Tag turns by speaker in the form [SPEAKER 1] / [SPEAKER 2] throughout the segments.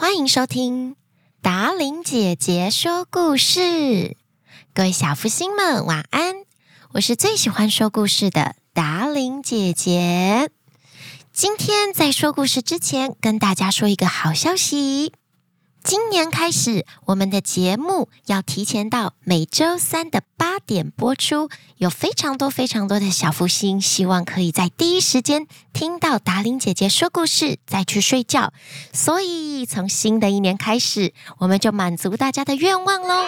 [SPEAKER 1] 歡迎收聽達伶姐姐說故事，各位小福星們晚安！我是最喜歡說故事的達伶姐姐。今天在說故事之前，跟大家說一個好消息。今年開始，我們的節目要提前到每周三的八點播出。有非常多非常多的小芙星，希望可以在第一時間聽到達伶姐姐說故事，再去睡覺。所以從新的一年開始，我們就滿足大家的願望嘍。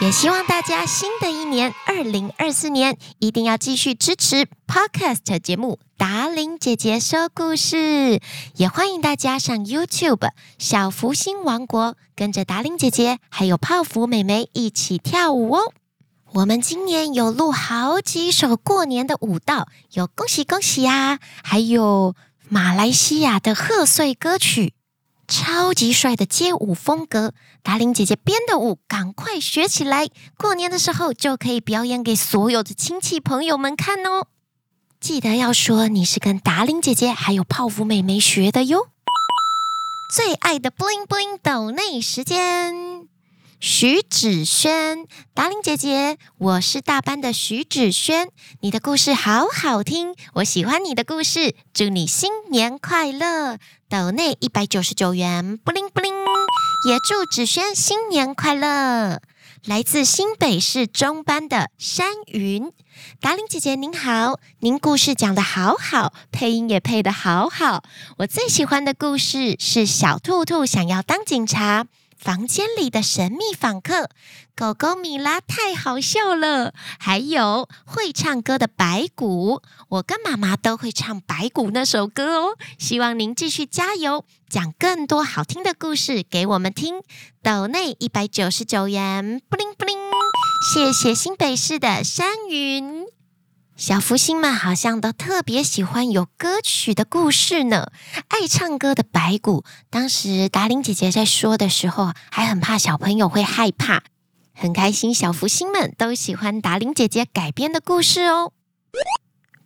[SPEAKER 1] 也希望大家新的一年，二零二四年，一定要繼續支持 Podcast 節目《達伶姐姐說故事》，也歡迎大家上 YouTube 小芙星王國，跟着達伶姐姐還有泡芙妹妹一起跳舞哦！我們今年有錄好幾首過年的舞蹈，有恭喜恭喜呀、啊，還有馬來西亞的賀歲歌曲。超級帥的街舞風格，達伶姐姐編的舞，趕快學起來！過年的時候就可以表演給所有的親戚朋友們看哦。記得要說你是跟達伶姐姐還有泡芙妹妹學的喲。最愛的 BlingBling 抖內時間。徐芷萱，達伶姐姐，我是大班的徐芷萱，你的故事好好聽，我喜歡你的故事，祝你新年快樂，抖內一百九十九元，布靈布靈，也祝芷萱新年快樂。來自新北市中班的山雲，達伶姐姐您好，您故事講得好好，配音也配得好好，我最喜歡的故事是小兔兔想要當警察。房間裡的神秘訪客，狗狗米拉太好笑了。還有會唱歌的白骨，我跟媽媽都會唱白骨那首歌哦。希望您繼續加油，講更多好聽的故事給我們聽。抖內一百九十九元，BlingBling。謝謝新北市的山雲。小芙星們好像都特別喜歡有歌曲的故事呢，愛唱歌的白骨。當時達伶姐姐在說的時候還很怕小朋友會害怕。很開心，小芙星們都喜歡達伶姐姐改編的故事哦。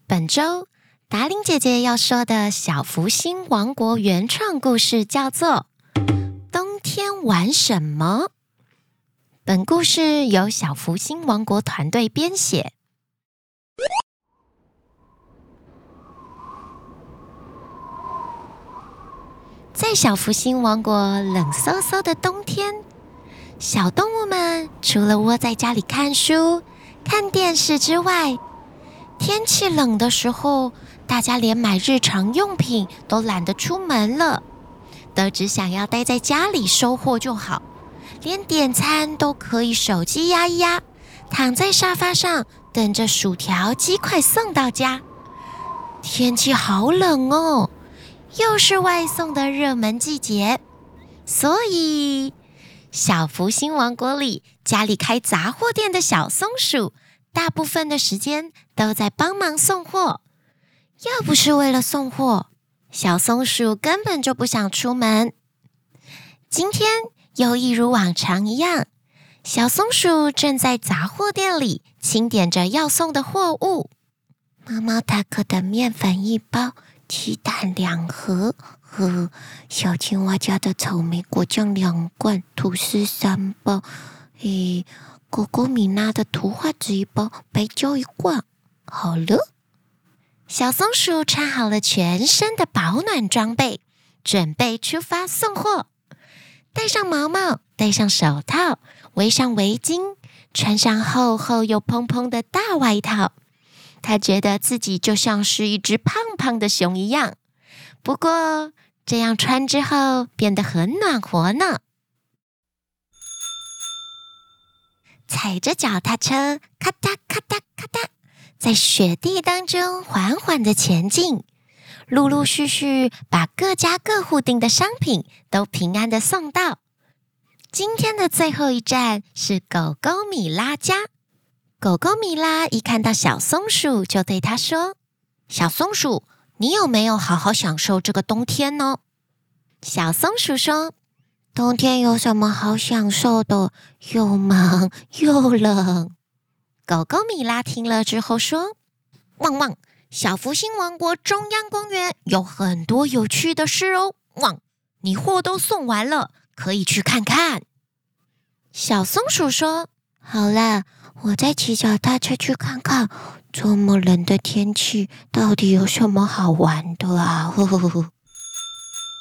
[SPEAKER 1] 本周達伶姐姐要說的小芙星王國原創故事叫做《冬天玩什麼》。本故事由小芙星王國團隊編寫。在小芙星王國冷颼颼的冬天，小動物們除了窩在家裡看書、看電視之外，天氣冷的時候，大家連買日常用品都懶得出門了，都只想要待在家裡收貨就好，連點餐都可以手機壓一壓，躺在沙發上。等着薯條、雞塊送到家。天氣好冷哦，又是外送的熱門季節，所以小芙星王國裡，家裡開雜貨店的小松鼠，大部分的時間都在幫忙送貨。要不是為了送貨，小松鼠根本就不想出門。今天又一如往常一樣，小松鼠正在雜貨店裡。清點着要送的貨物：貓貓塔克的麵粉一包，雞蛋兩盒；和小青蛙家的草莓果醬兩罐，吐司三包。嘿、欸，狗狗米拉的圖畫紙一包，白膠一罐。好了，小松鼠穿好了全身的保暖裝備，準備出發送貨。戴上毛帽，戴上手套，圍上圍巾。穿上厚厚又蓬蓬的大外套，他覺得自己就像是一隻胖胖的熊一樣。不過這樣穿之後變得很暖和呢。踩着腳踏車，咔噠咔噠咔噠，在雪地當中緩緩地前進，陸陸續續把各家各戶訂的商品都平安地送到。今天的最後一站是狗狗米拉家。狗狗米拉一看到小松鼠，就對牠說：“小松鼠，你有沒有好好享受這個冬天呢？”小松鼠說：“冬天有什麼好享受的？又忙又冷。”狗狗米拉聽了之後說：“汪汪！小芙星王國中央公園有很多有趣的事哦！汪，你貨都送完了。”可以去看看。小松鼠說：“好了，我再騎腳踏車去看看，這麼冷的天氣到底有什麼好玩的啊！”呵呵呵。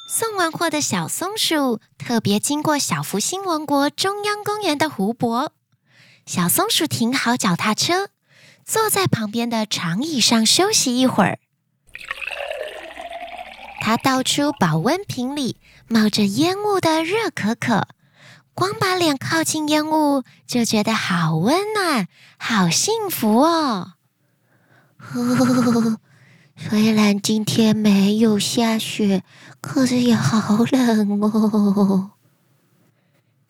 [SPEAKER 1] 送完貨的小松鼠特別經過小芙星王國中央公園的湖泊，小松鼠停好腳踏車，坐在旁邊的長椅上休息一會兒。他倒出保溫瓶裡冒着煙霧的熱可可，光把臉靠近煙霧，就覺得好溫暖，好幸福哦。哦雖然今天沒有下雪，可是也好冷哦。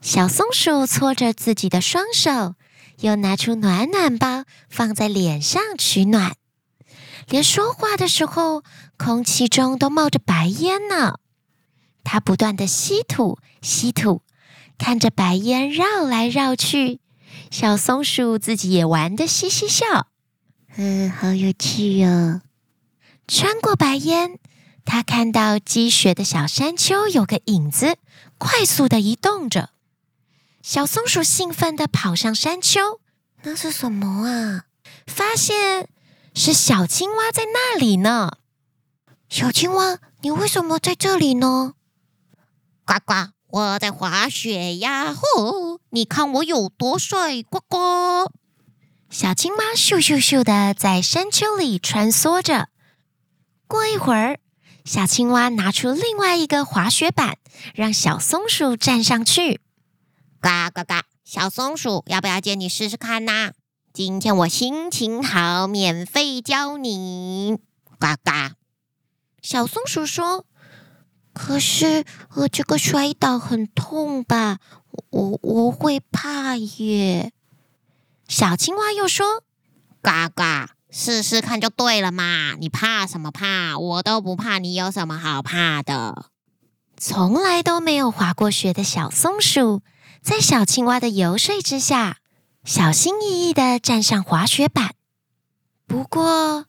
[SPEAKER 1] 小松鼠搓着自己的雙手，又拿出暖暖包放在臉上取暖。連說話的時候，空氣中都冒着白煙呢、啊。它不斷地吸吐，吸吐，看着白煙繞來繞去，小松鼠自己也玩得嘻嘻笑。嗯，好有趣哦！穿過白煙，它看到積雪的小山丘有個影子，快速地移動着。小松鼠興奮地跑上山丘，那是什麼啊？發現。是小青蛙在那裡呢。小青蛙，你為什麼在這裡呢？呱呱，我在滑雪呀！吼，你看我有多帥！呱呱。小青蛙咻咻咻地在山丘裡穿梭着。過一會兒，小青蛙拿出另外一個滑雪板，讓小松鼠站上去。呱呱呱，小松鼠，要不要借你試試看呢、啊？今天我心情好，免費教你。嘎嘎，小松鼠說：“可是我、呃、這個摔倒很痛吧？我我會怕耶。”小青蛙又說：“嘎嘎，試試看就對了嘛，你怕什麼怕？我都不怕，你有什麼好怕的？”從來都沒有滑過雪的小松鼠，在小青蛙的游說之下。小心翼翼的站上滑雪板，不過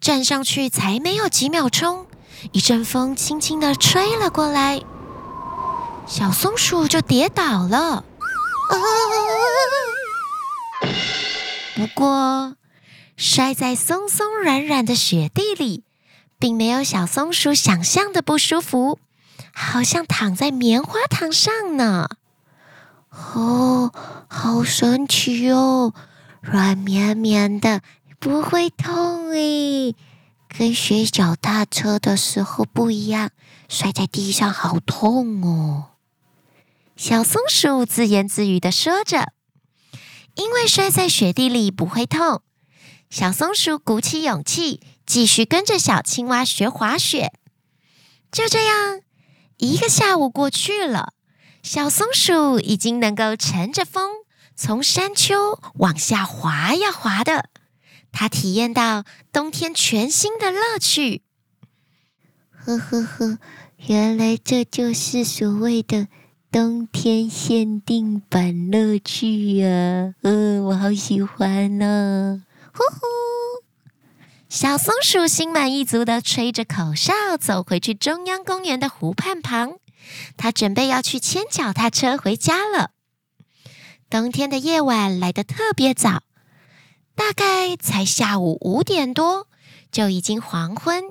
[SPEAKER 1] 站上去才沒有幾秒鐘，一陣風輕輕的吹了過來，小松鼠就跌倒了。啊！不過摔在鬆松軟軟的雪地裡，並沒有小松鼠想象的不舒服，好像躺在棉花糖上呢。哦，oh, 好神奇喲、哦！軟綿綿的，不會痛誒。跟學腳踏車的時候不一樣，摔在地上好痛哦。小松鼠自言自語的說着：“因為摔在雪地裡不會痛。”小松鼠鼓起勇氣，繼續跟着小青蛙學滑雪。就這樣，一個下午過去了。小松鼠已經能夠乘着風從山丘往下滑呀滑的，它體驗到冬天全新的樂趣。呵呵呵，原來這就是所謂的冬天限定版樂趣啊！呃，我好喜歡呢、啊。呼呼，小松鼠心滿意足的吹着口哨走回去中央公園的湖畔旁。他準備要去牽腳踏車回家了。冬天的夜晚來得特別早，大概才下午五點多，就已經黃昏，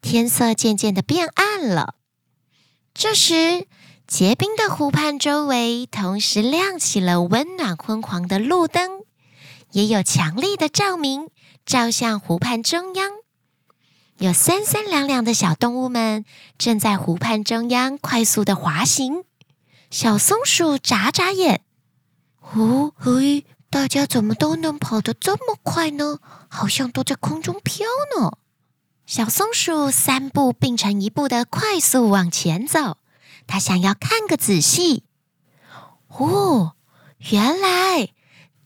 [SPEAKER 1] 天色漸漸的變暗了。這時，結冰的湖畔周圍同時亮起了溫暖昏黃的路燈，也有強力的照明照向湖畔中央。有三三兩兩的小動物們正在湖畔中央快速的滑行。小松鼠眨眨眼：“哦嘿，哎，大家怎麼都能跑得這麼快呢？好像都在空中飄呢。”小松鼠三步並成一步的快速往前走，它想要看個仔細。哦，原來……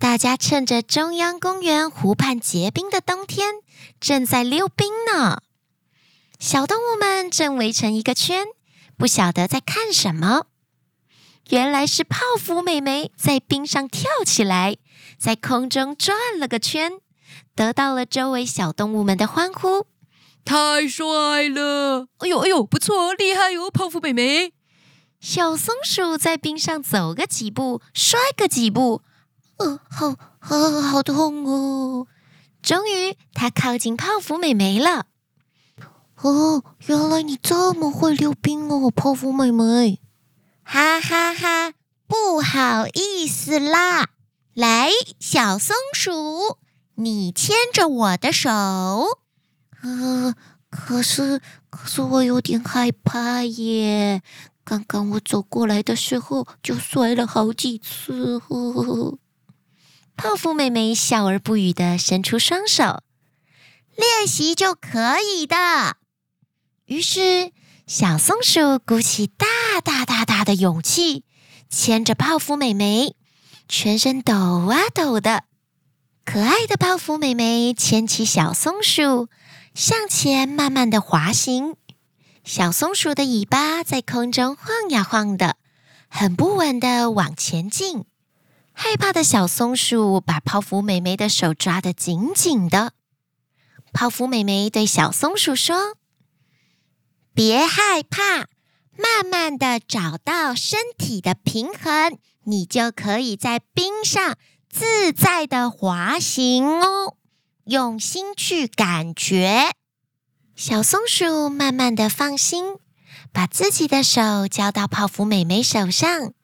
[SPEAKER 1] 大家趁着中央公園湖畔結冰的冬天，正在溜冰呢。小動物們正圍成一個圈，不曉得在看什麼。原來是泡芙美眉在冰上跳起來，在空中轉了個圈，得到了周圍小動物們的歡呼。太帥了！哎呦哎呦，不錯，厲害哦，泡芙美眉。小松鼠在冰上走個幾步，摔個幾步。呃、啊，好，好、啊，好痛哦！終於，他靠近泡芙妹妹了。哦，原來你這麼會溜冰哦，泡芙妹妹！哈，哈哈哈，不好意思啦。來，小松鼠，你牽着我的手。呃，可是，可是我有點害怕耶。剛剛我走過來的時候，就摔了好幾次呵呵呵。泡芙妹妹笑而不語地伸出雙手，練習就可以的。於是，小松鼠鼓起大大大大的勇氣，牽着泡芙妹妹，全身抖啊抖的。可愛的泡芙妹妹牽起小松鼠，向前慢慢地滑行。小松鼠的尾巴在空中晃呀晃的，很不穩地往前進。害怕的小松鼠把泡芙妹妹的手抓得緊緊的。泡芙妹妹對小松鼠說：“別害怕，慢慢的找到身體的平衡，你就可以在冰上自在的滑行哦。用心去感覺。”小松鼠慢慢的放心，把自己的手交到泡芙妹妹手上。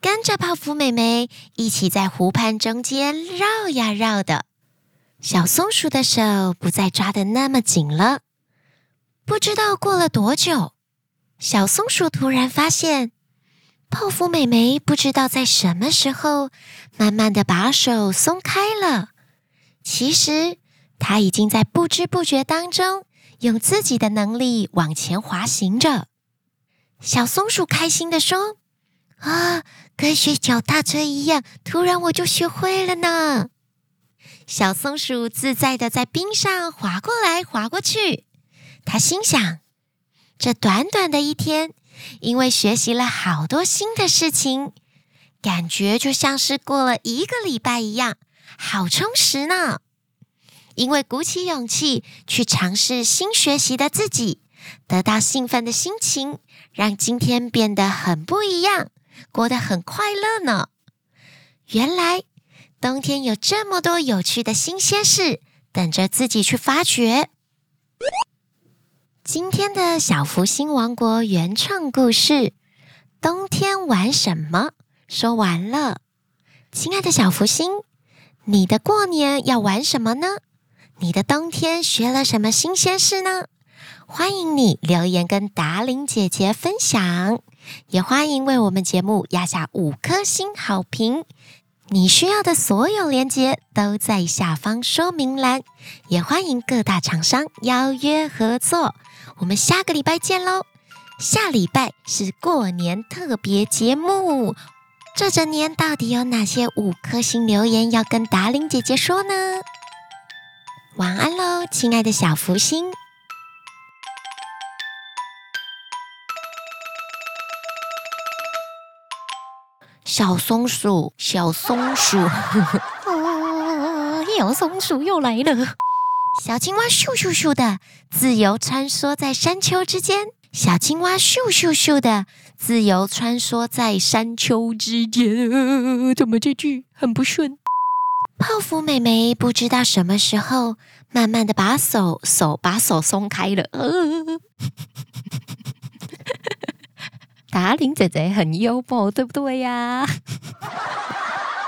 [SPEAKER 1] 跟着泡芙美眉一起在湖畔中間繞呀繞的，小松鼠的手不再抓的那麼緊了。不知道過了多久，小松鼠突然發現，泡芙美眉不知道在什麼時候，慢慢的把手鬆開了。其實，她已經在不知不覺當中，用自己的能力往前滑行着。小松鼠開心的說。啊，跟學腳踏車一樣，突然我就學會了呢。小松鼠自在的在冰上滑過來滑過去，它心想：這短短的一天，因為學習了好多新的事情，感覺就像是過了一個禮拜一樣，好充實呢。因為鼓起勇氣去嘗試新學習的自己，得到興奮的心情，讓今天變得很不一樣。過得很快樂呢。原來冬天有這麼多有趣的新鮮事等着自己去發掘。今天的小福星王國原創故事《冬天玩什麼》說完了。親愛的小芙星，你的過年要玩什麼呢？你的冬天學了什麼新鮮事呢？歡迎你留言跟達伶姐姐分享。也歡迎為我們節目壓下五顆星好評，你需要的所有鏈接都在下方說明欄。也歡迎各大廠商邀約合作，我們下個禮拜見嘍！下禮拜是過年特別節目，這整年到底有哪些五顆星留言要跟達伶姐姐說呢？晚安嘍，親愛的小芙星。小松鼠，小松鼠，啊，小、 啊、松鼠又來了。小青，咻咻咻咻小青蛙咻咻咻的自由穿梭在山丘之間，小青蛙咻咻咻的自由穿梭在山丘之間。怎麼這句很不順？泡芙妹妹不知道什麼時候，慢慢的把手手把手鬆開了。啊 達伶姐姐很幽默，對不對呀、啊？